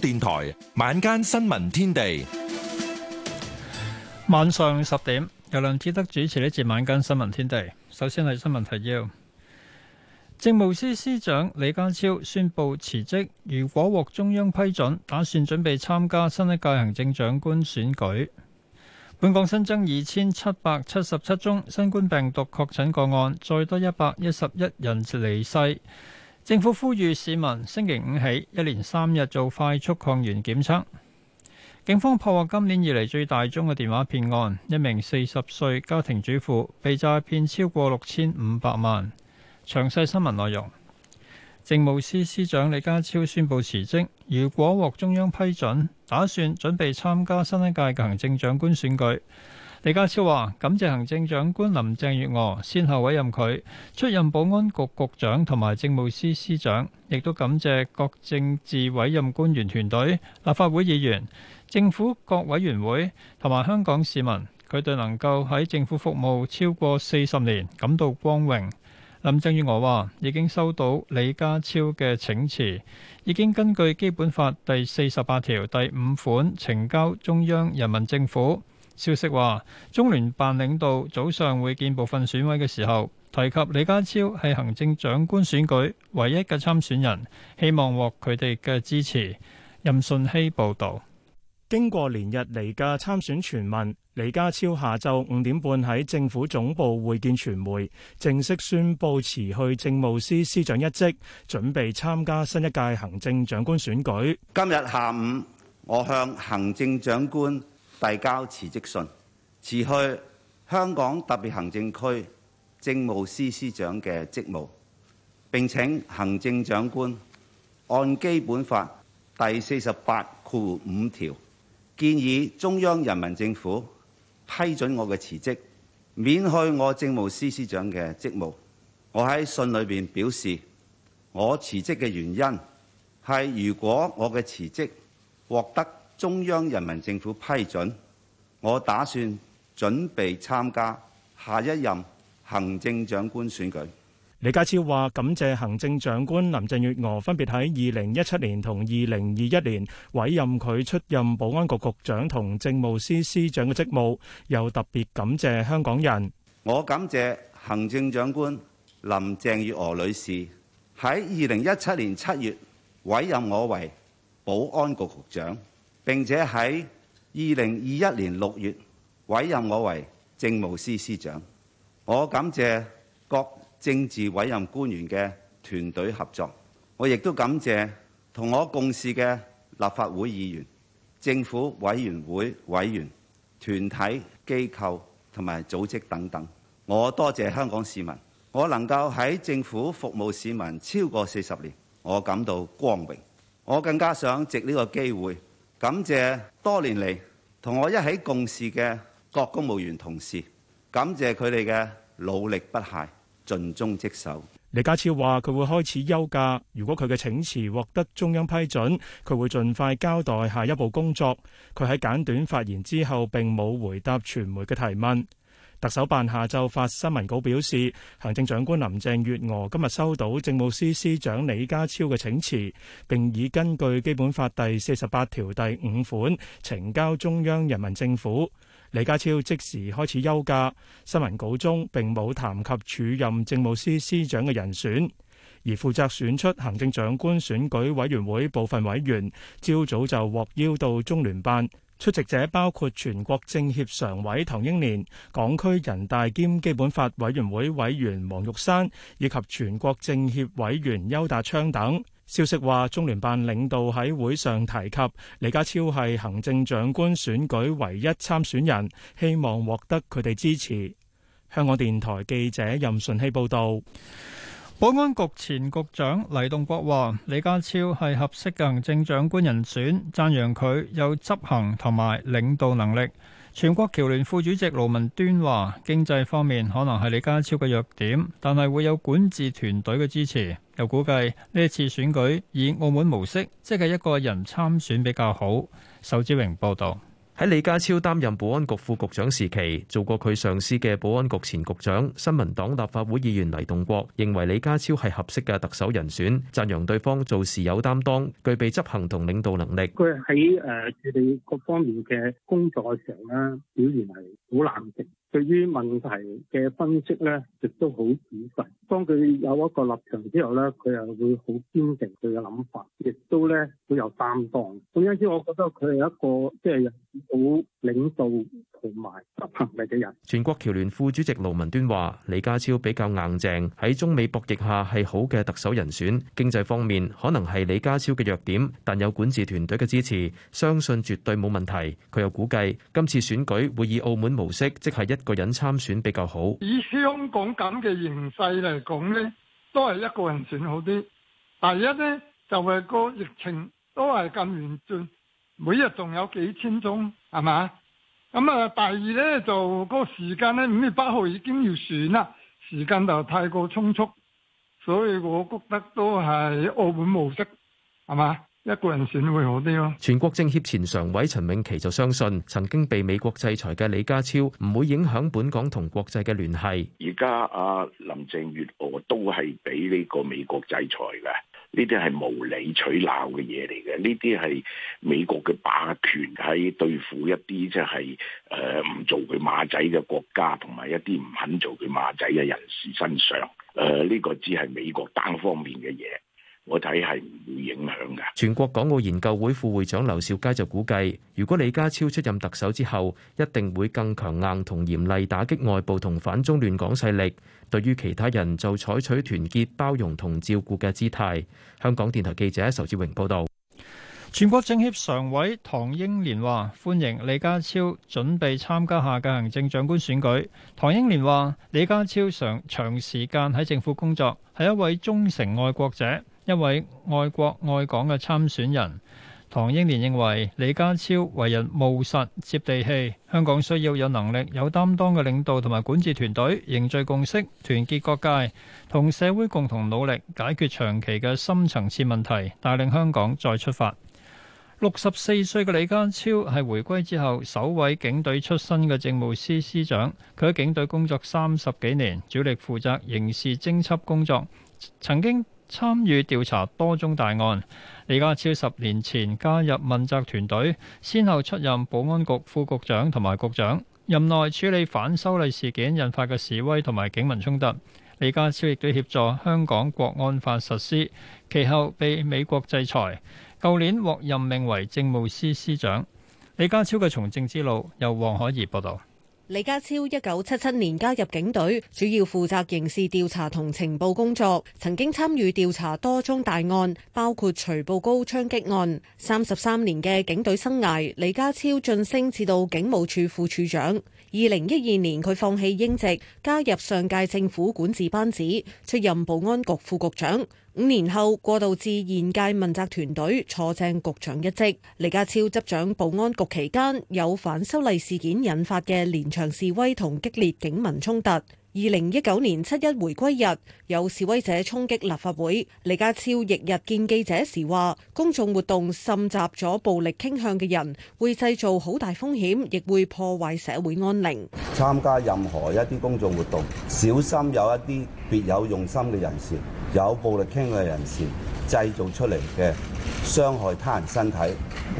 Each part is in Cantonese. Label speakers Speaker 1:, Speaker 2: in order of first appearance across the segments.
Speaker 1: 電台晚間
Speaker 2: 新聞天地，晚上十點由梁志德主持呢節晚間新聞天地。首先係新聞提要，政務司司長李家超宣布辭職，如果獲中央批准，打算準備參加新一屆行政長官選舉。本港新增二千七百七十七宗新冠病毒確診個案，再多一百一十一人離世。政府呼籲市民星期五起一連三日做快速抗原檢測。警方破獲今年以嚟最大宗嘅電話騙案，一名四十歲家庭主婦被詐騙超過六千五百萬。詳細新聞內容，政務司司長李家超宣布辭職，如果獲中央批准，打算準備參加新一屆嘅行政長官選舉。李家超話感謝行政長官林鄭月娥先後委任佢出任保安局局長同埋政務司司長，亦都感謝各政治委任官員團隊、立法會議員、政府各委員會同埋香港市民，佢對能夠喺政府服務超過四十年感到光榮。林鄭月娥話已經收到李家超嘅請辭，已經根據《基本法》第四十八條第五款呈交中央人民政府。消息話，中聯辦領導早上會見部分選委嘅時候，提及李家超係行政長官選舉唯
Speaker 3: 一嘅參選人，希望獲佢哋嘅支持。任信希報導。經過連日嚟嘅參選傳聞，李家超下晝五點半喺政府總部會見傳媒，正式宣布辭去政務司司長一職，準備參加新一屆行政長官選舉。
Speaker 4: 今日下午，我向行政長官遞交辭職信，辭去香港特別行政區政務司司長嘅職務。並請行政長官按基本法第四十八括五條，建議中央人民政府批准我嘅辭職，免去我政務司司長嘅職務。我喺信裏邊表示，我辭職嘅原因係如果我嘅辭職獲得中央人民政府批准，我打算準備參加下一任行政長官選舉。
Speaker 3: 李家超話感謝行政長官林鄭月娥分別喺二零一七年同二零二一年委任佢出任保安局局長同政務司司長嘅職務，又特別感謝香港人。
Speaker 4: 我感謝行政長官林鄭月娥女士喺二零一七年七月委任我為保安局局長。並且喺二零二一年六月委任我為政務司司長，我感謝各政治委任官員嘅團隊合作，我亦都感謝同我共事嘅立法會議員、政府委員會委員、團體機構同埋組織等等。我多謝香港市民，我能夠喺政府服務市民超過四十年，我感到光榮。我更加想藉呢個機會。感謝多年嚟同我一起共事嘅各公務員同事，感謝佢哋嘅努力不懈、盡忠職守。
Speaker 3: 李家超話：佢會開始休假，如果佢嘅請辭獲得中央批准，佢會盡快交代下一步工作。佢喺簡短發言之後，並冇回答傳媒嘅提問。特首辦下晝發新聞稿表示，行政長官林鄭月娥今日收到政務司司長李家超嘅請辭，並已根據《基本法》第四十八條第五款呈交中央人民政府。李家超即時開始休假。新聞稿中並冇談及署任政務司司長嘅人選，而負責選出行政長官選舉委員會部分委員，朝早就獲邀到中聯辦。出席者包括全國政協常委唐英年，港區人大兼基本法委員會委員黃玉山以及全國政協委員邱達昌等。消息話，中聯辦領導喺會上提及，李家超係行政長官選舉唯一參選人，希望獲得佢哋支持。香港電台記者任順希報道。保安局前局長
Speaker 2: 黎棟國話：李家超係合適嘅行政長官人選，讚揚佢有執行同埋領導能力。全國僑聯副主席盧文端話：經濟方面可能係李家超嘅弱點，但係會有管治團隊嘅支持。又估計呢一次選舉以澳門模式，即係一個人參選比較好。仇志榮報道。
Speaker 5: 喺李家超擔任保安局副局長時期，做過佢上司嘅保安局前局長、新民黨立法會議員黎棟國認為李家超係合適嘅特首人選，讚揚對方做事有擔當，具備執行同領導能力。
Speaker 3: 佢喺誒處理
Speaker 6: 各方面嘅工作嘅時候咧，表現係好冷靜。對於問題嘅分析咧，亦都好仔細。當佢有一個立場之後咧，佢又會好堅定佢嘅諗法，亦都咧會有擔當。總言之，我覺得佢係一個即係好領導。同埋執行力嘅人，
Speaker 5: 全國僑聯副主席盧文端話，李家超比較硬淨，喺中美博弈下係好嘅特首人選，經濟方面可能係李家超嘅弱點，但有管治團隊嘅支持，相信絕對冇問題，佢又估計今次選舉會以澳門模式，即係一個人參選比較好。
Speaker 2: 以香港咁嘅形勢嚟講呢，都係一個人選好啲。第一呢，就係個疫情都係咁嚴峻，每日仲有幾千宗，係嘛？咁啊，第二咧就嗰個時間咧，五月八號已經要選啦，時間就太過匆促，所以我覺得都係澳門模式係嘛？一個人選會好啲咯。
Speaker 5: 全國政協前常委陳永琪就相信，曾經被美國制裁嘅李家超唔會影響本港同國際
Speaker 4: 嘅聯繫，而家阿林鄭月娥都係俾呢個美國制裁嘅。呢啲係無理取鬧嘅嘢嚟嘅，呢啲係美國嘅霸權喺對付一啲即係誒唔做佢馬仔嘅國家同埋一啲唔肯做佢馬仔嘅人士身上。誒呢個只係美國單方面嘅嘢，我睇係唔會影響㗎。
Speaker 5: 全國港澳研究會副會長劉兆佳就估計，如果李家超出任特首之後，一定會更強硬同嚴厲打擊外部同反中亂港勢力。對於其他人就採取團結、包容同照顧嘅姿態。
Speaker 2: 香港電台記者仇志榮報導。全國政協常委唐英年話：歡迎李家超準備參加下屆行政長官選舉。唐英年話：李家超長長時間喺政府工作，係一位忠誠愛國者，一位愛國愛港嘅參選人。唐英年認為李家超為人務實，接地氣，香港需要有能力、有擔當嘅領導同埋管治團隊凝聚共識、團結各界，同社會共同努力解決長期嘅深層次問題，帶領香港再出發。六十四歲嘅李家超係回歸之後首位警隊出身嘅政務司司長，佢喺警隊工作三十幾年，主力負責刑事偵緝工作，曾經參與調查多宗大案。李家超十年前加入問責團隊，先後出任保安局副局長同埋局長，任內處理反修例事件引發嘅示威同埋警民衝突。李家超亦都協助香港國安法實施，其後被美國制裁。舊年獲任命為政務司司長。李家超嘅從政之路，由黃海兒報道。
Speaker 7: 李家超一九七七年加入警隊，主要負責刑事調查同情報工作，曾經參與調查多宗大案，包括徐步高槍擊案。三十三年嘅警隊生涯，李家超晉升至到警務處副處長。二零一二年，佢放棄英籍，加入上屆政府管治班子，出任保安局副局長。五年後過渡至現屆問責團隊坐正局長一職。李家超執掌保安局期間，有反修例事件引發嘅連場示威同激烈警民衝突。二零一九年七一回歸日，有示威者衝擊立法會。李家超翌日見記者時話：「公眾活動滲雜咗暴力傾向嘅人，會製造好大風險，亦會破壞社會安寧。」
Speaker 4: 參加任何一啲公眾活動，小心有一啲別有用心嘅人士。有暴力傾向嘅人士製造出嚟嘅傷害他人身體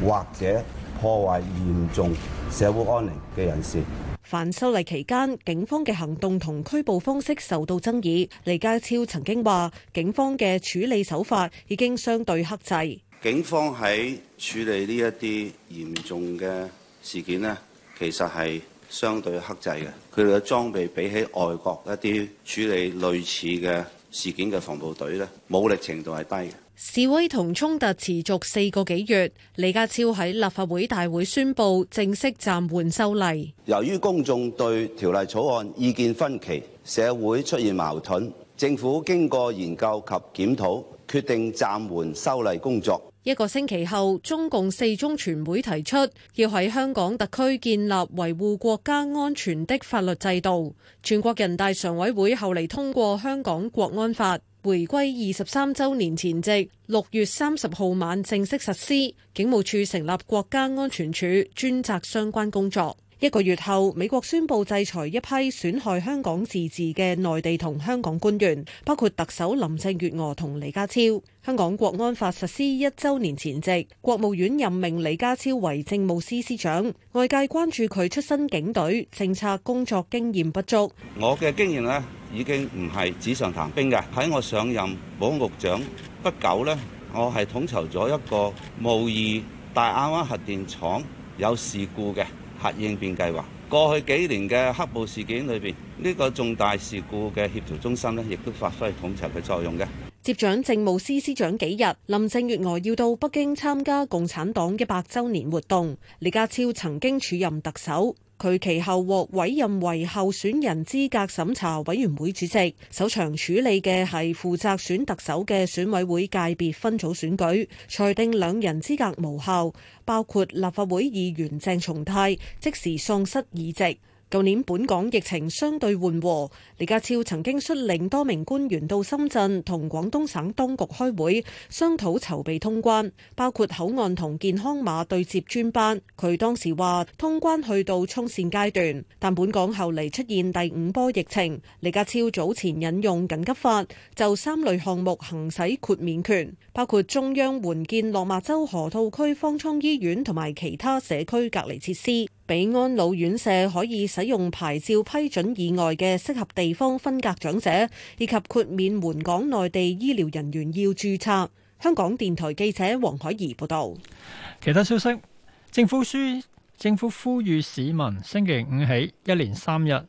Speaker 4: 或者破壞嚴重社會安寧嘅人士。
Speaker 7: 反修例期間警方嘅行動同拘捕方式受到爭議，李家超曾經話警方嘅處理手法已經相對克制。
Speaker 4: 警方喺處理呢一啲嚴重嘅事件咧，其實，係相對克制嘅。佢哋嘅裝備比起外國一啲處理類似嘅。事件嘅防暴隊呢，武力程度係低嘅。
Speaker 7: 示威同衝突持續四個幾月，李家超喺立法會大會宣布正式暫緩修例。
Speaker 4: 由於公眾對條例草案意見分歧，社會出現矛盾，政府經過研究及檢討，決定暫緩修例工作。
Speaker 7: 一個星期後，中共四中全會提出要喺香港特區建立維護國家安全的法律制度。全國人大常委會後嚟通過《香港國安法》，回歸二十三周年前夕六月三十號晚正式實施。警務處成立國家安全處，專責相關工作。一個月後，美國宣布制裁一批損害香港自治嘅內地同香港官員，包括特首林鄭月娥同李家超。香港國安法實施一週年前夕，國務院任命李家超為政務司司長。外界關注佢出身警隊，政策工作經驗不足。
Speaker 4: 我嘅經驗呢，已經唔係紙上談兵嘅。喺我上任保安局長不久呢，我係統籌咗一個模擬大亞灣核電廠有事故嘅。核應變計劃。過去幾年嘅黑暴事件裏邊，呢個重大事故嘅協調中心呢，亦都發揮統籌嘅作用嘅。
Speaker 7: 接掌政務司司長幾日，林鄭月娥要到北京參加共產黨一百週年活動。李家超曾經署任特首。佢其後獲委任為候選人資格審查委員會主席，首場處理嘅係負責選特首嘅選委會界別分組選舉，裁定兩人資格無效，包括立法會議員鄭松泰即時喪失議席。舊年本港疫情相對緩和，李家超曾經率領多名官員到深圳同廣東省當局開會，商討籌備通關，包括口岸同健康碼對接專班。佢當時話通關去到衝線階段，但本港後嚟出現第五波疫情，李家超早前引用緊急法就三類項目行使豁免權，包括中央援建落馬洲河套區方艙醫院同埋其他社區隔離設施。俾安老院舍可以使用牌照批准以外嘅適合地方分隔長者，以及豁免援港內地醫療人員要註冊。香港電台記者黃海怡報道。
Speaker 2: 其他消息，政府書政府呼籲市民星期五起一連三日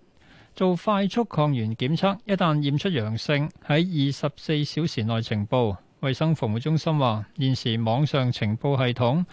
Speaker 2: 做快速抗原檢測，一旦驗出陽性，喺二十四小時內呈報。衛生服務中心話現時網上呈報系統。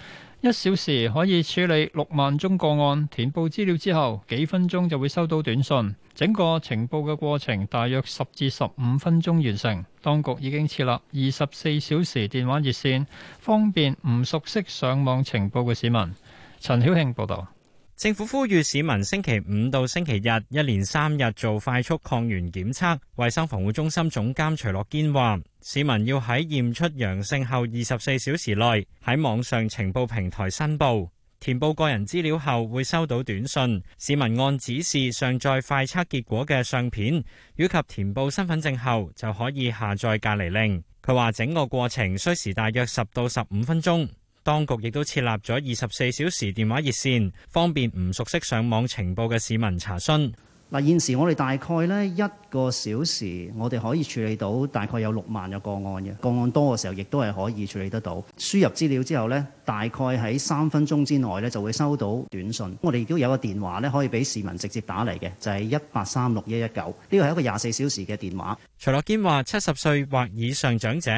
Speaker 2: 一小時可以處理六萬宗個案，填報資料之後幾分鐘就會收到短信，整個情報嘅過程大約十至十五分鐘完成。當局已經設立二十四小時電話熱線，方便唔熟悉上網情報嘅市民。陳曉慶報道。政府呼籲市民星期五到星期日一連三日做快
Speaker 8: 速抗原檢測。衛生防護中心總監徐樂堅話，市民要喺驗出陽性後二十四小時內喺網上情報平台申報，填報個人資料後會收到短信。市民按指示上載快測結果嘅相片，以及填報身份證後就可以下載隔離令。佢話整個過程需時大約十到十五分鐘。當局亦都設立咗二十四小時電話熱線，方便唔熟悉上網情報嘅市民查詢。
Speaker 9: 嗱，現時我哋大概咧一個小時，我哋可以處理到大概有六萬個個案，嘅個案多嘅時候，亦都係可以處理得到，輸入資料之後咧，大概喺三分鐘之內咧就會收到短信。我哋亦都有個電話咧，可以俾市民直接打嚟嘅，就係一八三六一一九。呢個係一個廿四小時嘅電話。
Speaker 8: 徐樂堅話：七十歲或以上長者、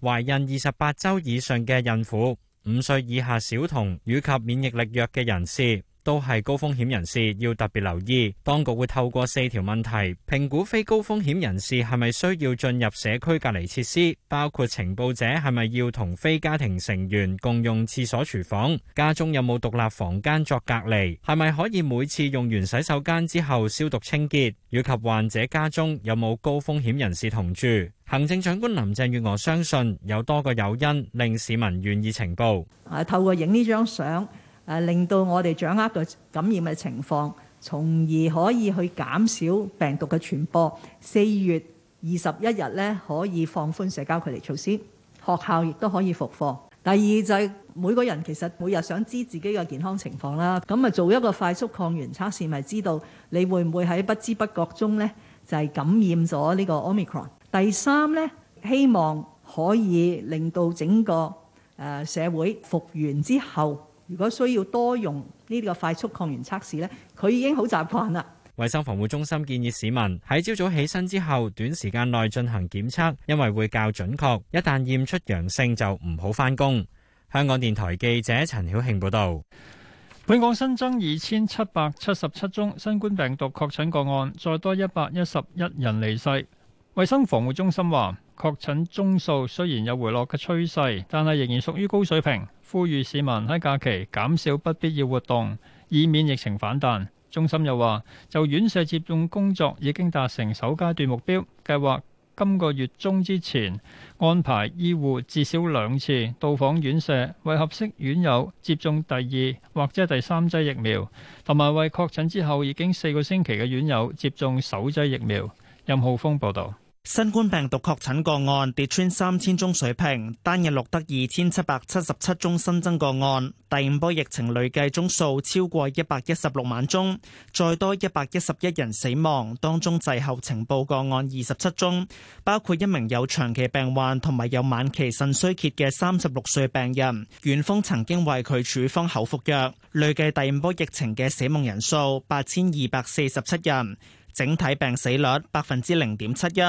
Speaker 8: 懷孕二十八周以上嘅孕婦。五歲以下小童以及免疫力弱嘅人士都係高風險人士，要特別留意。當局會透過四條問題評估非高風險人士係咪需要進入社區隔離設施，包括情報者係咪要同非家庭成員共用廁所廚房，家中有冇獨立房間作隔離，係咪可以每次用完洗手間之後消毒清潔，以及患者家中有冇高風險人士同住。行政長官林鄭月娥相信有多個誘因令市民願意情報。
Speaker 10: 誒透過影呢張相誒，令到我哋掌握到感染嘅情況，從而可以去減少病毒嘅傳播。四月二十一日咧，可以放寬社交距離措施，學校亦都可以復課。第二就係、是、每個人其實每日想知自己嘅健康情況啦，咁咪做一個快速抗原測試，咪知道你會唔會喺不知不覺中咧就係、是、感染咗呢個 Omicron。第三呢，希望可以令到整個誒社會復原之後，如果需要多用呢個快速抗原測試呢，佢已經好習慣啦。
Speaker 8: 衛生防護中心建議市民喺朝早起身之後短時間內進行檢測，因為會較準確。一旦驗出陽性，就唔好返工。香港電台記者陳曉慶報導，
Speaker 2: 本港新增二千七百七十七宗新冠病毒確診個案，再多一百一十一人離世。衛生防護中心話，確診宗數雖然有回落嘅趨勢，但係仍然屬於高水平，呼籲市民喺假期減少不必要活動，以免疫情反彈。中心又話，就院舍接種工作已經達成首階段目標，計劃今個月中之前安排醫護至少兩次到訪院舍，為合適院友接種第二或者第三劑疫苗，同埋為確診之後已經四個星期嘅院友接種首劑疫苗。任浩峰報道：
Speaker 11: 新冠病毒確診個案跌穿三千宗水平，單日錄得二千七百七十七宗新增個案。第五波疫情累計宗數超過一百一十六萬宗，再多一百一十一人死亡，當中滯後情報個案二十七宗，包括一名有長期病患同埋有晚期腎衰竭嘅三十六歲病人。院方曾經為佢處方口服藥。累計第五波疫情嘅死亡人數八千二百四十七人。整體病死率百分之零點七一。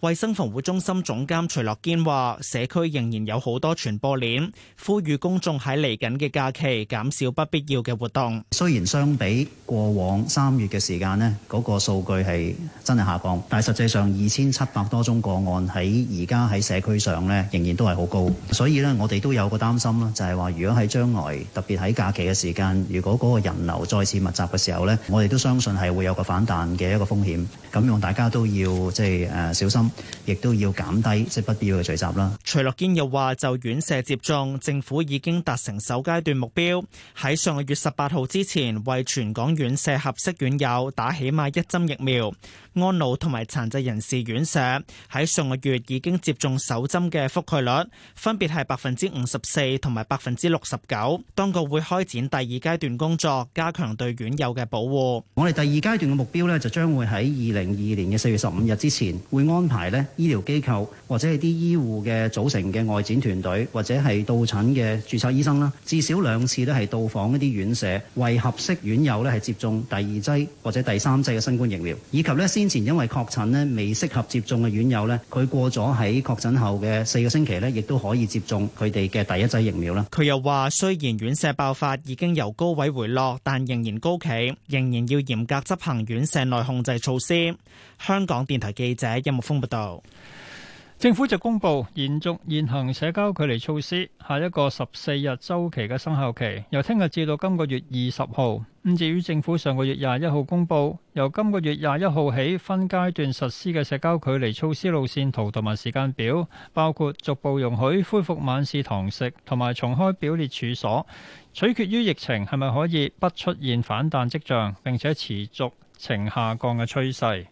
Speaker 11: 衛生防護中心總監徐樂堅話，社區仍然有好多傳播鏈，呼籲公眾喺嚟緊嘅假期減少不必要嘅
Speaker 9: 活動。雖然相比過往三月嘅時間呢，嗰個數據係真係下降，但係實際上二千七百多宗個案喺而家喺社區上呢，仍然都係好高。所以呢，我哋都有個擔心啦，就係話如果喺將來，特別喺假期嘅時間，如果嗰個人流再次密集嘅時候呢，我哋都相信係會有個反彈嘅一個風險。咁樣大家都要即係誒小心。亦都要減低即不必要嘅聚集啦。
Speaker 11: 徐樂堅又話：就院舍接種，政府已經達成首階段目標，喺上個月十八號之前，為全港院舍合適院友打起碼一針疫苗。安老同埋殘疾人士院舍喺上個月已經接種首針嘅覆蓋率，分別係百分之五十四同埋百分之六十九。當局會開展第二階段
Speaker 9: 工作，加強對院友嘅保護。我哋第二階段嘅目標呢，就將會喺二零二二年嘅四月十五日之前，會安排。嚟咧，醫療機構或者係啲醫護嘅組成嘅外展團隊，或者係到診嘅註冊醫生啦，至少兩次都係到訪一啲院舍，為合適院友呢，係接種第二劑或者第三劑嘅新冠疫苗，以及呢，先前因為確診呢，未適合接種嘅院友呢，佢過咗喺確診後嘅四個星期呢，亦都可以接種佢哋嘅第一劑疫苗啦。
Speaker 11: 佢又話：雖然院舍爆發已經由高位回落，但仍然高企，仍然要嚴格執行院舍內控制措施。香港電台記者任木峰報道，政府就公布延續現行
Speaker 2: 社交距離措施下一個十四日周期嘅生效期，由聽日至到今個月二十號。咁至於政府上個月廿一號公布由今個月廿一號起分階段實施嘅社交距離措施路線圖同埋時間表，包括逐步容許恢復晚市堂食同埋重開表列處所，取決於疫情係咪可以不出現反彈跡象，並且持續呈下降嘅趨勢。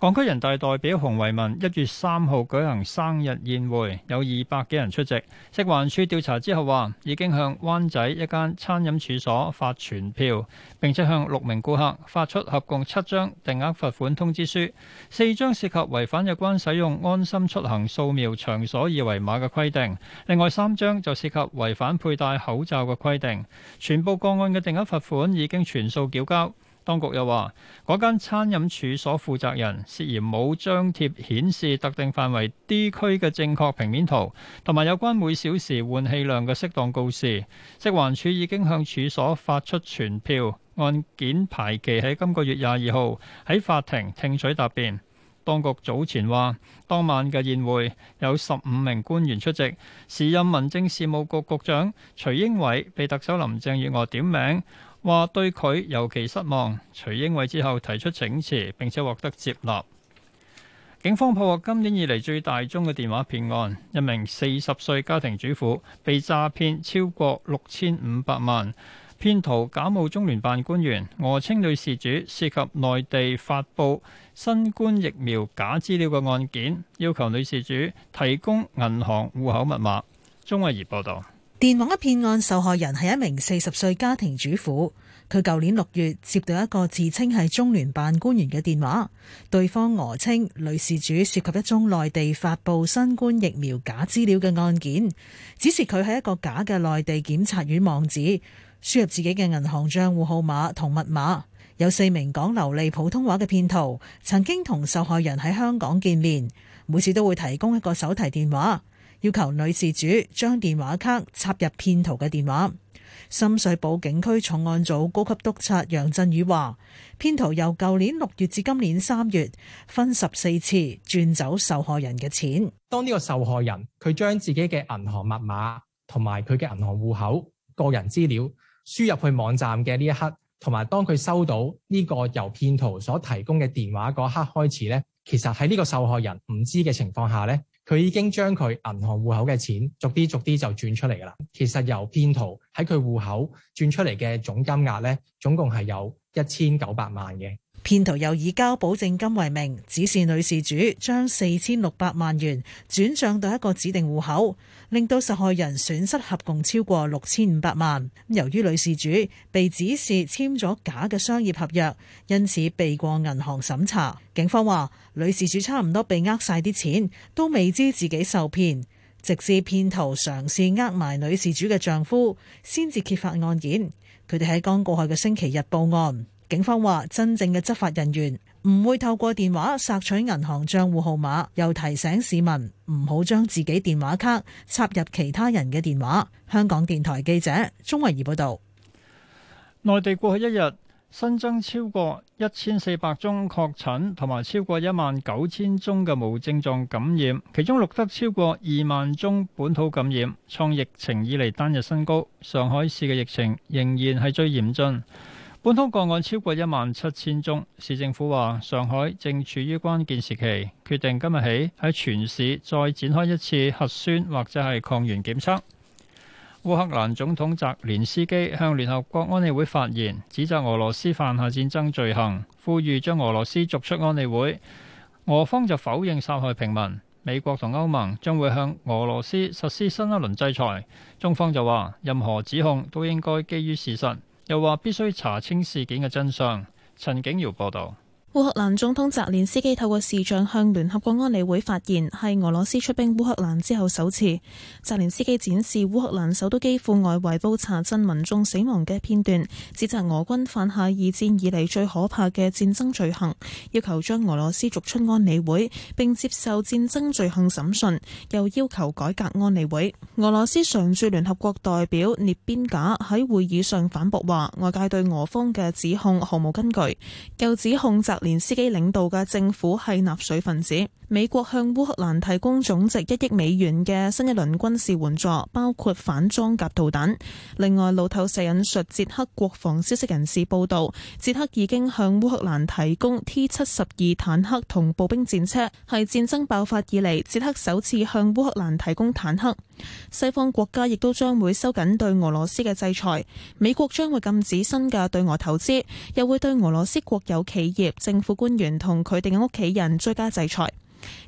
Speaker 2: 港區人大代表洪為民一月三號舉行生日宴會，有二百幾人出席。食環署調查之後話，已經向灣仔一間餐飲處所發傳票，並且向六名顧客發出合共七張定額罰款通知書，四張涉及違反有關使用安心出行掃描場所二維碼嘅規定，另外三張就涉及違反佩戴口罩嘅規定。全部個案嘅定額罰款已經全數繳交。當局又話，嗰間餐飲處所負責人涉嫌冇張貼顯示特定範圍 D 區嘅正確平面圖，同埋有關每小時換氣量嘅適當告示。食環署已經向處所發出傳票，案件排期喺今個月廿二號喺法庭聽取答辯。當局早前話，當晚嘅宴會有十五名官員出席，時任民政事務局局長徐英偉被特首林鄭月娥點名。話對佢尤其失望。徐英偉之後提出請辭，並且獲得接納。警方破獲今年以嚟最大宗嘅電話騙案，一名四十歲家庭主婦被詐騙超過六千五百萬。騙徒假冒中聯辦官員，訛稱女事主涉及內地發布新冠疫苗假資料嘅案件，要求女事主提供銀行戶口密碼。鍾慧儀報道。
Speaker 10: 電話詐騙案受害人係一名四十歲家庭主婦，佢舊年六月接到一個自稱係中聯辦官員嘅電話，對方訛稱女事主涉及一宗內地發佈新冠疫苗假資料嘅案件，指示佢喺一個假嘅內地檢察院網址，輸入自己嘅銀行賬戶號碼同密碼。有四名講流利普通話嘅騙徒曾經同受害人喺香港見面，每次都會提供一個手提電話。要求女事主將電話卡插入騙徒嘅電話。深水埗警區重案組高級督察楊振宇話：騙徒由舊年六月至今年三月，分十四次轉走受害人嘅錢。
Speaker 12: 當呢個受害人佢將自己嘅銀行密碼同埋佢嘅銀行戶口個人資料輸入去網站嘅呢一刻，同埋當佢收到呢個由騙徒所提供嘅電話嗰刻開始咧，其實喺呢個受害人唔知嘅情況下咧。佢已經將佢銀行戶口嘅錢逐啲逐啲就轉出嚟㗎啦。其實由騙徒喺佢戶口轉出嚟嘅總金額呢，總共係有一千九百萬嘅。
Speaker 10: 騙徒又以交保證金為名指示女事主將四千六百萬元轉帳到一個指定戶口，令到受害人損失合共超過六千五百萬。由於女事主被指示簽咗假嘅商業合約，因此避過銀行審查。警方話，女事主差唔多被呃晒啲錢，都未知自己受騙，直至騙徒嘗試呃埋女事主嘅丈夫，先至揭發案件。佢哋喺剛過去嘅星期日報案。警方話：真正嘅執法人員唔會透過電話索取銀行帳戶號碼，又提醒市民唔好將自己電話卡插入其他人嘅電話。香港電台記者鍾慧儀報導。
Speaker 2: 內地過去一日新增超過一千四百宗確診，同埋超過一萬九千宗嘅無症狀感染，其中錄得超過二萬宗本土感染，創疫情以嚟單日新高。上海市嘅疫情仍然係最嚴峻。本土個案超過一萬七千宗，市政府話上海正處於關鍵時期，決定今日起喺全市再展開一次核酸或者係抗原檢測。烏克蘭總統澤連斯基向聯合國安理會發言，指責俄羅斯犯下戰爭罪行，呼籲將俄羅斯逐出安理會。俄方就否認殺害平民。美國同歐盟將會向俄羅斯實施新一輪制裁。中方就話任何指控都應該基於事實。又話必須查清事件嘅真相。陳景瑤報道。
Speaker 13: 烏克蘭總統澤連斯基透過視像向聯合國安理會發言，係俄羅斯出兵烏克蘭之後首次。澤連斯基展示烏克蘭首都基輔外圍布查鎮民眾死亡嘅片段，指責俄軍犯下二戰以嚟最可怕嘅戰爭罪行，要求將俄羅斯逐出安理會，並接受戰爭罪行審訊，又要求改革安理會。俄羅斯常駐聯合國代表涅邊賈喺會議上反駁話，外界對俄方嘅指控毫無根據，又指控澤連連司機領導嘅政府係納粹分子。美國向烏克蘭提供總值一億美元嘅新一輪軍事援助，包括反裝甲導彈。另外，路透社引述捷克國防消息人士報道，捷克已經向烏克蘭提供 T 七十二坦克同步兵戰車，係戰爭爆發以嚟，捷克首次向烏克蘭提供坦克。西方國家亦都將會收緊對俄羅斯嘅制裁，美國將會禁止新嘅對俄投資，又會對俄羅斯國有企業，政府官員同佢哋嘅屋企人追加制裁。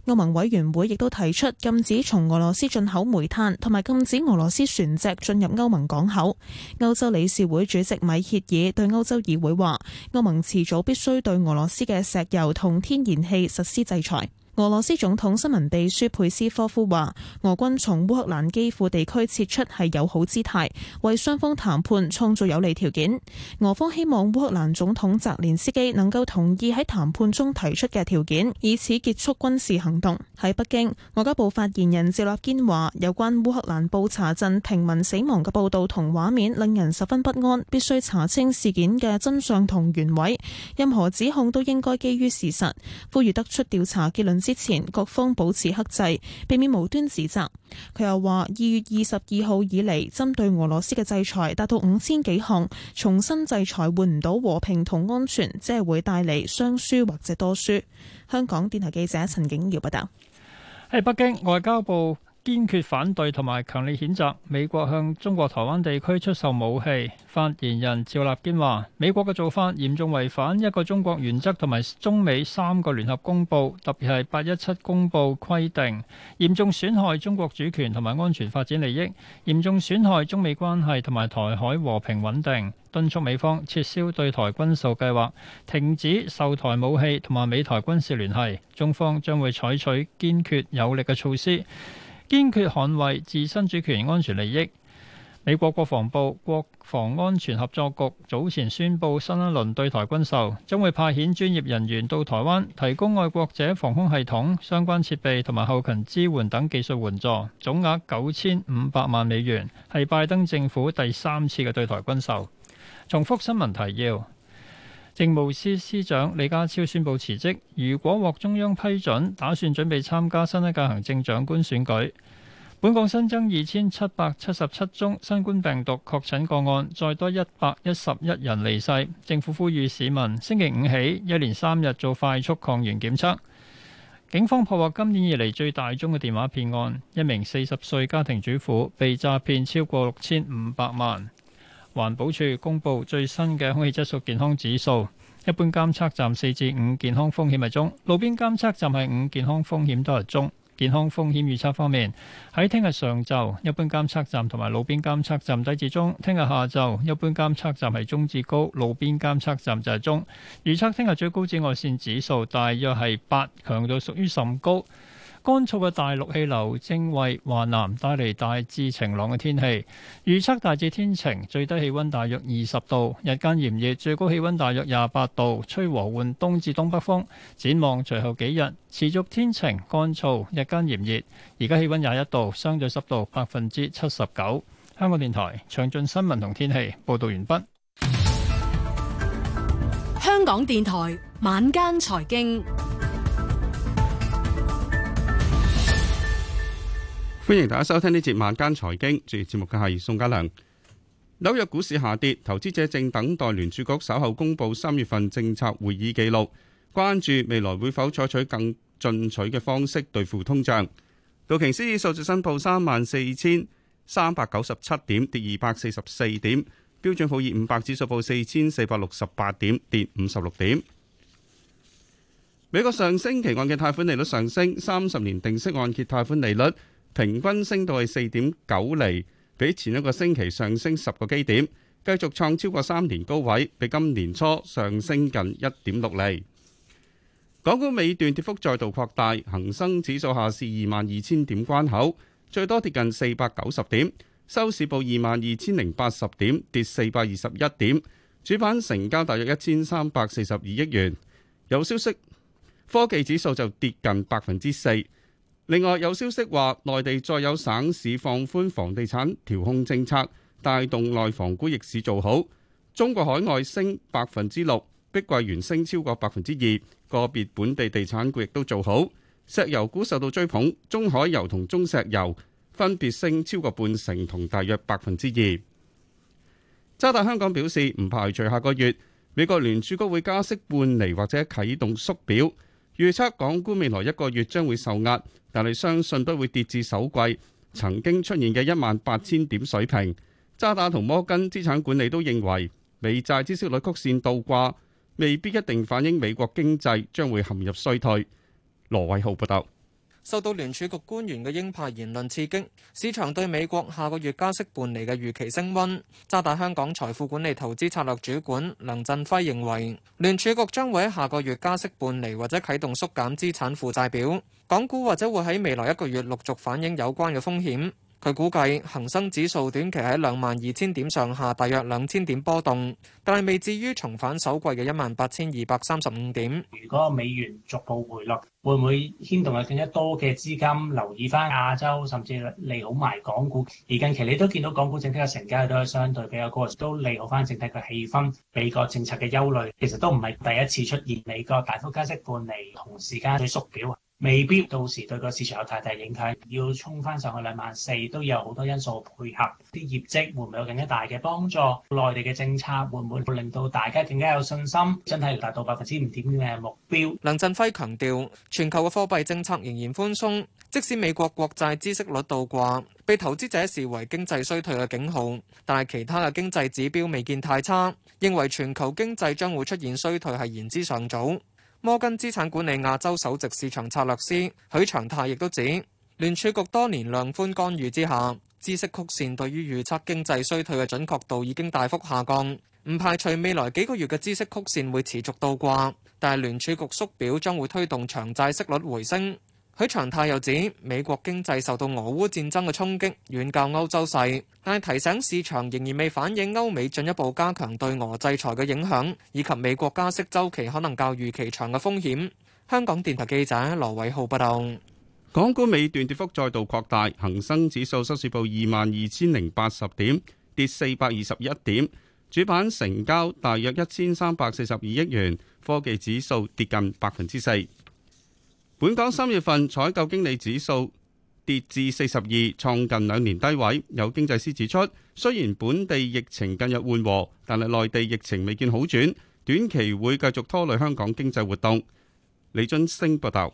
Speaker 13: 歐盟委員會亦都提出禁止從俄羅斯進口煤炭，同埋禁止俄羅斯船隻進入歐盟港口。歐洲理事會主席米歇爾對歐洲議會話，歐盟遲早必須對俄羅斯嘅石油同天然氣實施制裁。俄羅斯總統新聞秘書佩斯科夫話：俄軍從烏克蘭基輔地區撤出係友好姿態，為雙方談判創造有利條件。俄方希望烏克蘭總統澤連斯基能夠同意喺談判中提出嘅條件，以此結束軍事行動。喺北京，外交部發言人趙立堅話：有關烏克蘭布查鎮平民死亡嘅報道同畫面令人十分不安，必須查清事件嘅真相同原委。任何指控都應該基於事實，呼籲得出調查結論之之前各方保持克制，避免無端指責。佢又話：二月二十二號以嚟，針對俄羅斯嘅制裁達到五千幾項，重新制裁換唔到和平同安全，即係會帶嚟雙輸或者多輸。香港電台記者陳景堯報道
Speaker 2: 喺北京外交部。堅決反對同埋強烈譴責美國向中國台灣地區出售武器。發言人趙立堅話，美國嘅做法嚴重違反一個中國原則同埋中美三個聯合公報，特別係八一七公報規定，嚴重損害中國主權同埋安全發展利益，嚴重損害中美關係同埋台海和平穩定。敦促美方撤銷對台軍售計劃，停止售台武器同埋美台軍事聯繫。中方將會採取堅決有力嘅措施，堅決捍衛自身主權安全利益。美國國防部國防安全合作局早前宣佈新一輪對台軍售，將會派遣專業人員到台灣，提供愛國者防空系統相關設備同埋後勤支援等技術援助，總額九千五百萬美元，係拜登政府第三次嘅對台軍售。重複新聞提要。政務司司長李家超宣布辭職，如果獲中央批准，打算準備參加新一屆行政長官選舉。本港新增二千七百七十七宗新冠病毒確診個案，再多一百一十一人離世。政府呼籲市民星期五起，一連三日做快速抗原檢測。警方破獲今年以嚟最大宗嘅電話騙案，一名四十歲家庭主婦被詐騙超過六千五百萬。環保署公布最新嘅空氣質素健康指數，一般監測站四至五健康風險係中，路邊監測站係五健康風險都係中。健康風險預測方面，喺聽日上晝，一般監測站同埋路邊監測站低至中；聽日下晝，一般監測站係中至高，路邊監測站就係中。預測聽日最高紫外線指數大約係八，強度屬於甚高。乾燥嘅大陸氣流正為華南帶嚟大致晴朗嘅天氣，預測大致天晴，最低氣溫大約二十度，日間炎熱，最高氣溫大約廿八度，吹和緩東至東北風。展望隨後幾日持續天晴乾燥，日間炎熱。而家氣溫廿一度，相對濕度百分之七十九。香港電台詳盡新聞同天氣報道完畢。
Speaker 7: 香港電台晚間財經。
Speaker 1: 歡迎大家收聽呢節《晚間財經》。主持節目嘅係宋家良。紐約股市下跌，投資者正等待聯儲局稍後公布三月份政策會議記錄，關注未來會否採取更進取嘅方式對付通脹。道瓊斯指數申報三萬四千三百九十七點，跌二百四十四點；標準普爾五百指數報四千四百六十八點，跌五十六點。美國上升期按嘅貸款上星期按揭貸款利率上升，三十年定息按揭貸款利率。平均升到係四點九厘，比前一個星期上升十個基點，繼續創超過三年高位，比今年初上升近一點六厘。港股尾段跌幅再度擴大，恒生指數下試二萬二千點關口，最多跌近四百九十點，收市報二萬二千零八十點，跌四百二十一點。主板成交大約一千三百四十二億元。有消息，科技指數就跌近百分之四。另外，有消息話，內地再有省市放寬房地產調控政策，帶動內房股逆市做好。中國海外升百分之六，碧桂園升超過百分之二，個別本地地產股亦都做好。石油股受到追捧，中海油同中石油分別升超過半成同大約百分之二。渣打香港表示，唔排除下個月美國聯儲局會加息半厘，或者啟動縮表。預測港股未來一個月將會受壓，但係相信都會跌至首季曾經出現嘅一萬八千點水平。渣打同摩根資產管理都認為，美債孳息率曲線倒掛未必一定反映美國經濟將會陷入衰退。羅偉浩報道。
Speaker 12: 受到聯儲局官員嘅鷹派言論刺激，市場對美國下個月加息半釐嘅預期升溫。渣打香港財富管理投資策略主管梁振輝認為，聯儲局將會喺下個月加息半釐或者啟動縮減資產負債表，港股或者會喺未來一個月陸續反映有關嘅風險。佢估計恒生指數短期喺兩萬二千點上下，大約兩千點波動，但係未至於重返首季嘅一萬八千二百三十五點。如果美元逐步回
Speaker 6: 落，會唔會牽動有更加多嘅資金留意翻亞洲，甚至利好埋港股？而近期你都見到港股整體嘅成交都係相對比較高，都利好翻整體嘅氣氛。美國政策嘅憂慮其實都唔係第一次出現，美國大幅加息伴嚟，同時間去縮表。未必到時對個市場有太大影響，要衝翻上去兩萬四，都有好多因素配合。啲業績會唔會有更加大嘅幫助？內地嘅政策會唔會令到大家更加有信心？真係達到百分之五點嘅目
Speaker 12: 標？梁振輝強調，全球嘅貨幣政策仍然寬鬆，即使美國國債孳息率倒掛，被投資者視為經濟衰退嘅警號，但係其他嘅經濟指標未見太差，認為全球經濟將會出現衰退係言之尚早。摩根資產管理亞洲首席市場策略師許長泰亦都指，聯儲局多年量寬干預之下，知識曲線對於預測經濟衰退嘅準確度已經大幅下降，唔排除未來幾個月嘅知識曲線會持續倒掛，但係聯儲局縮表將會推動長債息率回升。許長泰又指，美國經濟受到俄烏戰爭嘅衝擊遠較歐洲細，但係提醒市場仍然未反映歐美進一步加強對俄制裁嘅影響，以及美國加息周期可能較預期長嘅風險。香港電
Speaker 1: 台記者羅偉浩報道。港股尾段跌幅再度擴大，恒生指數收市報二萬二千零八十點，跌四百二十一點，主板成交大約一千三百四十二億元，科技指數跌近百分之四。本港三月份採購經理指數跌至四十二，創近兩年低位。有經濟師指出，雖然本地疫情近日緩和，但係內地疫情未見好轉，短期會繼續拖累香港經濟活動。李俊升報道。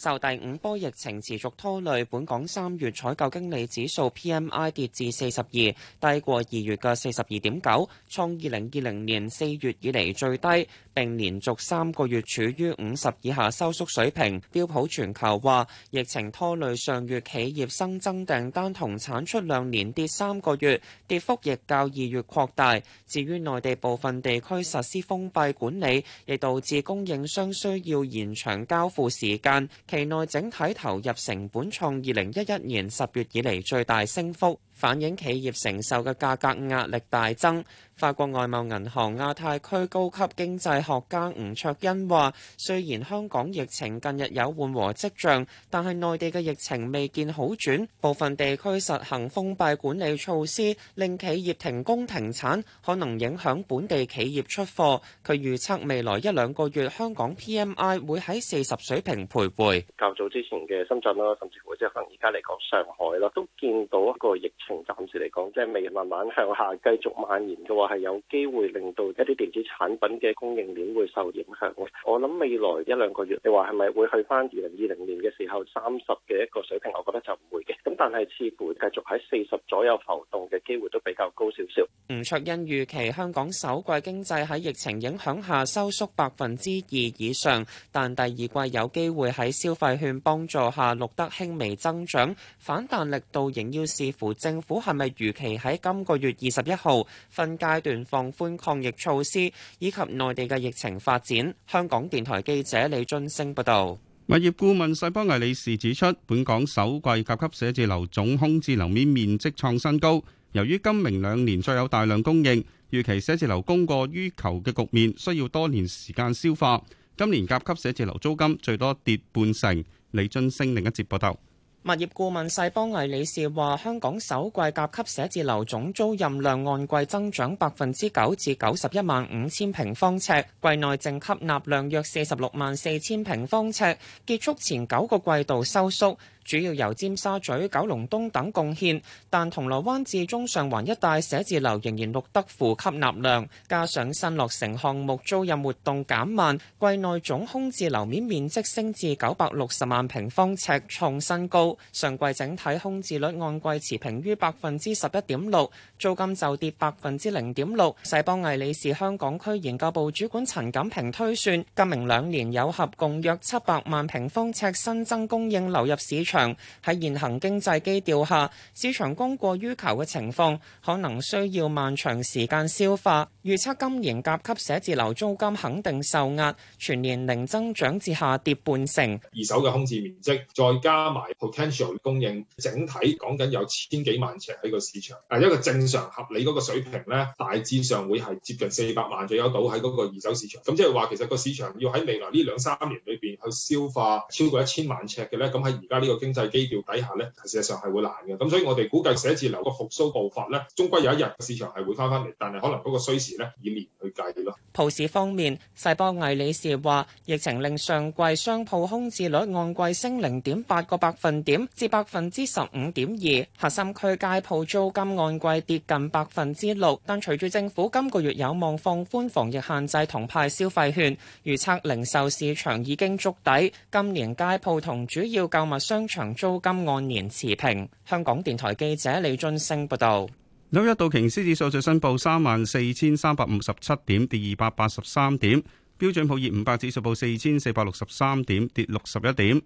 Speaker 14: 受第五波疫情持續拖累，本港三月採購經理指數 PMI 跌至四十二，低過二月嘅四十二點九，創二零二零年四月以嚟最低，並連續三個月處於五十以下收縮水平。標普全球話，疫情拖累上月企業新增訂單同產出量連跌三個月，跌幅亦較二月擴大。至於內地部分地區實施封閉管理，亦導致供應商需要延長交付時間。期內整體投入成本創二零一一年十月以嚟最大升幅，反映企業承受嘅價格壓力大增。法國外貿銀行亞太區高級經濟學家吳卓恩話，雖然香港疫情近日有緩和跡象，但係內地嘅疫情未見好轉，部分地區實行封閉管理措施，令企業停工停產，可能影響本地企業出貨。佢預測未來一兩個月香港 PMI 會喺四十水平徘徊。
Speaker 1: 較早之前嘅深圳啦，甚至乎即係可能而家嚟講上海啦，都見到
Speaker 2: 一個疫情暫時嚟講即係未慢慢向下繼續蔓延嘅話。係有機會令到
Speaker 12: 一啲電子產品嘅供應鏈會受影響嘅。我諗未來一兩個月，你話係咪會去翻二零二零年嘅時候三十嘅一個水平？我覺得就唔會嘅。咁但係似乎繼續喺四十左右浮動嘅機會都比較高少少。
Speaker 14: 吳卓恩預期香港首季經濟喺疫情影響下收縮百分之二以上，但第二季有機會喺消費券幫助下錄得輕微增長，反彈力度仍要視乎政府係咪如期喺今個月二十一號分界。階段放寬抗疫措施，以及內地嘅疫情發展，香港電台記者李俊升報道。
Speaker 1: 物業顧問世邦魏理士指出，本港首季甲級寫字樓總空置樓面面積創新高。由於今明兩年再有大量供應，預期寫字樓供過於求嘅局面需要多年時間消化。今年甲級寫字樓租金最多跌半成。李俊升另一節報道。
Speaker 14: 物業顧問世邦魏理仕話，香港首季甲級寫字樓總租賃量按季增長百分之九至九十一萬五千平方尺，季內淨吸納量約四十六萬四千平方尺，結束前九個季度收縮。主要由尖沙咀、九龍東等貢獻，但銅鑼灣至中上環一帶寫字樓仍然錄得負吸納量，加上新落成項目租賃活動減慢，季內總空置樓面面積升至九百六十萬平方尺，創新高。上季整體空置率按季持平於百分之十一點六，租金就跌百分之零點六。世邦魏理仕香港區研究部主管陳錦平推算，今明兩年有合共約七百萬平方尺新增供應流入市場。喺現行經濟基調下，市場供過於求嘅情況，可能需要漫長時間消化。預測今年甲級寫字樓租金肯定受壓，全年零增長至下跌半成。二手嘅空
Speaker 5: 置面積再加埋 potential 供應，整體講緊有千幾萬尺喺個市場。誒，一個正常合理嗰個水平呢，大致上會係接近四百萬左右到喺嗰個二手市場。咁即係話，其實個市場要喺未來呢兩三年裏邊去消化超過一千萬尺嘅呢。咁喺而家呢個經經濟基調底下呢，事實上係會難嘅。咁所以，我哋估計寫字樓個復甦步伐呢，終歸有一日市場係會翻翻嚟，但係可能嗰個需時呢，以年去
Speaker 14: 計嘅咯。鋪市方面，世邦魏理仕話：疫情令上季商鋪空置率按季升零點八個百分點至百分之十五點二，核心區街鋪租金按季跌近百分之六。但隨住政府今個月有望放寬防疫限制同派消費券，預測零售市場已經築底，今年街鋪同主要購物商場租金按年持平。香港電台記者
Speaker 1: 李俊升報道：紐約道瓊斯指數最新報三萬四千三百五十七點，跌二百八十三點；標準普爾五百指數報四千四百六十三點，跌六十一點；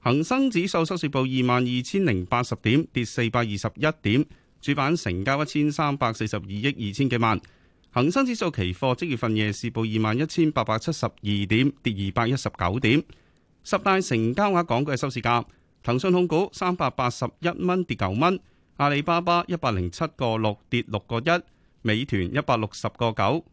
Speaker 1: 恒生指數收市報二萬二千零八十點，跌四百二十一點。主板成交一千三百四十二億二千幾萬。恒生指數期貨即月份夜市報二萬一千八百七十二點，跌二百一十九點。十大成交額港股嘅收市價：騰訊控股三百八十一蚊，跌九蚊；阿里巴巴一百零七個六，跌六個一；美團一百六十個九，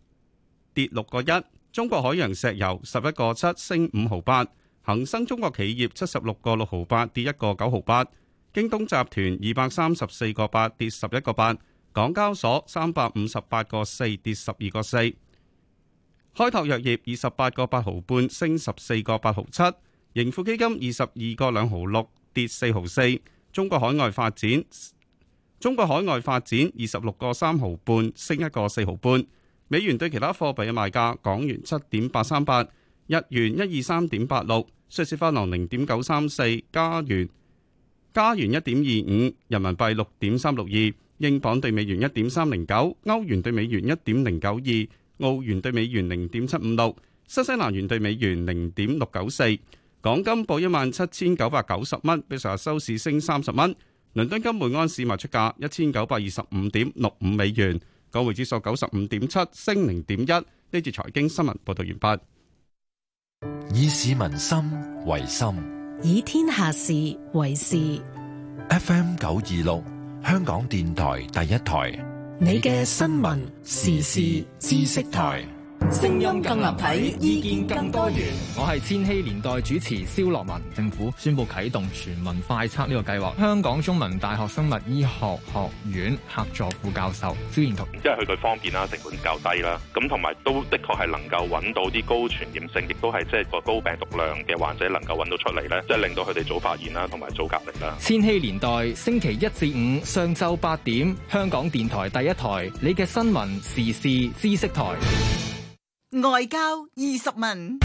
Speaker 1: 跌六個一；中國海洋石油十一個七，升五毫八；恒生中國企業七十六個六毫八，跌一個九毫八；京東集團二百三十四個八，跌十一個八；港交所三百五十八個四，跌十二個四；開拓藥業二十八個八毫半，升十四個八毫七。盈富基金二十二個兩毫六，跌四毫四，中國海外發展中國海外發展二十六個三毫半升一個四毫半。美元對其他貨幣嘅賣價：港元七點八三八，日元一二三點八六，瑞士法郎零點九三四，加元加元一點二五，人民幣六點三六二，英鎊兌美元一點三零九，歐元兌美元一點零九二，澳元兌美元零點七五六，新西蘭元兌美元零點六九四。港金報一萬七千九百九十蚊，比上日收市升三十蚊。倫敦金每安市賣出價一千九百二十五點六五美元，港匯指數九十五點七升零點一。呢次財經新聞報道完畢。以市民心為心，
Speaker 12: 以天下事為事。FM 九二六，香港電台第一台，你嘅新聞時事知識台。聲音更立體，意見更多元。我係千禧年代主持蕭樂文。政府宣布啟動全民快測呢個計劃。香港中文大學生物醫學學院客座副教授朱然同，
Speaker 1: 即係佢佢方便啦，成本較低啦，咁同埋都的確係能夠揾到啲高傳染性，亦都係即係個高病毒量嘅患者能夠揾到出嚟咧，即係令到佢哋早發現啦，同埋早隔離啦。
Speaker 12: 千禧年代星期一至五上晝八點，香港電台第一台，你嘅新聞時事知識台。
Speaker 10: 外交二十問，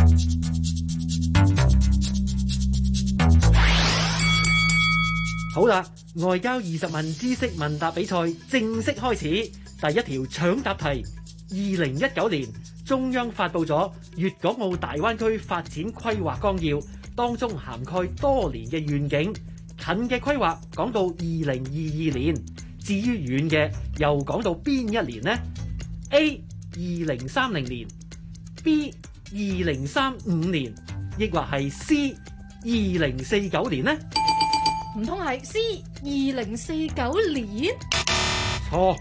Speaker 6: 好啦！外交二十問知識問答比賽正式開始。第一條搶答題：二零一九年中央發佈咗《粵港澳大灣區發展規劃綱要》，當中涵蓋多年嘅願景。近嘅規劃講到二零二二年，至於遠嘅又講到邊一年呢？A. 二零三零年。B 二零三五年，亦或係 C 二零四九年呢？
Speaker 7: 唔通係 C 二零四九年？
Speaker 3: 錯錯，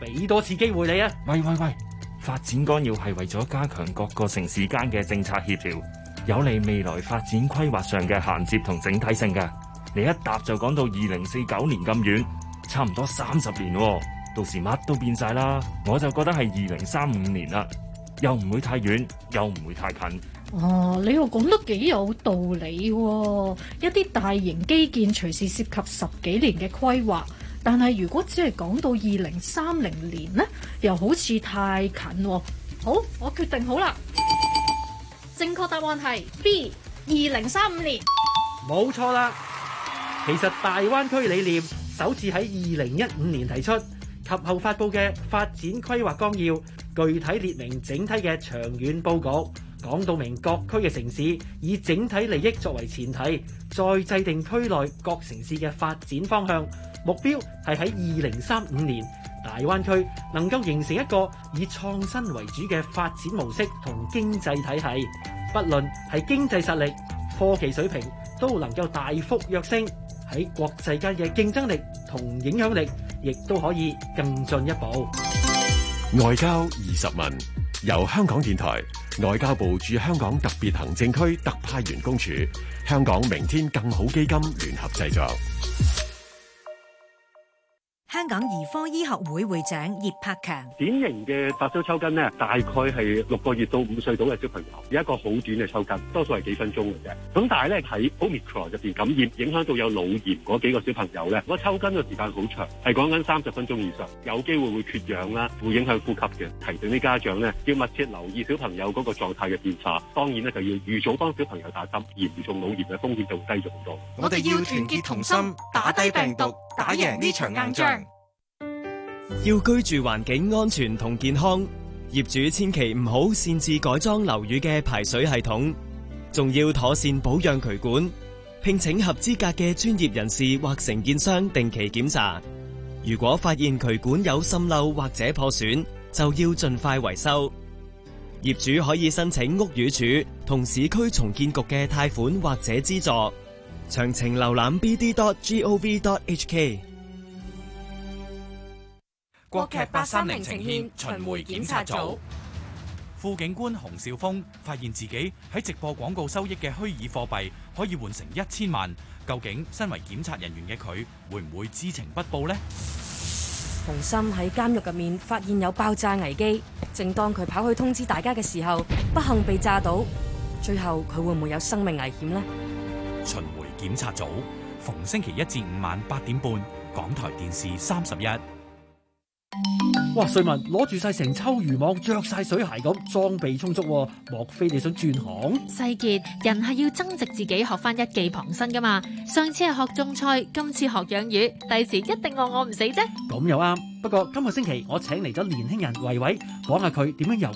Speaker 3: 俾多次機會你啊！喂喂喂，發展綱要係為咗加強各個城市間嘅政策協調，有利未來發展規劃上嘅銜接同整體性嘅。你一答就講到二零四九年咁遠，差唔多三十年，到時乜都變晒啦。我就覺得係二零三五年啦。又唔會太遠，又唔會太近。
Speaker 7: 哦、啊，你又講得幾有道理。一啲大型基建隨時涉及十幾年嘅規劃，但係如果只係講到二零三零年呢，又好似太近。好，我決定好啦。正確答案係 B，二零三五年。
Speaker 6: 冇錯啦。其實大灣區理念首次喺二零一五年提出，及後發佈嘅發展規劃綱要。具體列明整體嘅長遠佈局，講到明各區嘅城市，以整體利益作為前提，再制定區內各城市嘅發展方向。目標係喺二零三五年，大灣區能夠形成一個以創新為主嘅發展模式同經濟體系，不論係經濟實力、科技水平，都能夠大幅躍升，喺國際間嘅競爭力同影響力，亦都可以更進一步。
Speaker 3: 外交二十問，由香港電台、外交部駐香港特別行政區特派員公署、香港明天更好基金聯合製作。
Speaker 10: 香港兒科醫學會會長葉柏強，
Speaker 3: 典型嘅發燒抽筋咧，大
Speaker 1: 概係六個月到五歲到嘅小朋友，有一個好短嘅抽筋，多數係幾分鐘嘅啫。咁但
Speaker 3: 係咧喺 Omicron 入邊感染，影響到有腦炎嗰幾個小朋友咧，個抽筋嘅時間好長，係講緊三十分鐘以上，有機會會缺氧啦，會影響呼吸嘅。提醒啲家長咧，要密切留意小朋友嗰個狀態嘅變化。當然咧，就要預早幫小朋友打針，嚴
Speaker 1: 重腦炎嘅風險就低咗好多。我
Speaker 8: 哋要團結同心，打低病毒，打贏呢場硬仗。
Speaker 11: 要居住環境安全同健康，業主千祈唔好擅自改裝樓宇嘅排水系統，仲要妥善保養渠管，聘請合資格嘅專業人士或承建商定期檢查。如果發現渠管有滲漏或者破損，就要盡快維修。業主可以申請屋宇署同市區重建局嘅貸款或者資助。詳情瀏覽 bd.gov.hk。
Speaker 12: 國劇八三零，呈現巡迴檢察組。
Speaker 6: 副警官洪兆峰發現自己喺直播廣告收益嘅虛擬貨幣可以換成一千萬，究竟身為檢察人員嘅佢會唔會知情不報呢？
Speaker 12: 洪心喺監獄入面發現有爆炸危機，正當佢跑去通知大家嘅時候，不幸被炸到，最後佢會唔會有生命危險呢？
Speaker 6: 巡迴檢察組逢星期一至五晚八點半，港台電視三十一。哇！瑞文攞住晒成秋漁網，着晒水鞋咁，裝備充足啊。莫非你想轉行？
Speaker 13: 世杰，人係要增值自己，學翻一技傍身噶嘛。上次係學種菜，今次學養魚，第時一定餓
Speaker 10: 我唔死啫。
Speaker 3: 咁又啱。不過今個星期我請嚟咗年輕人維維，講下佢點樣游。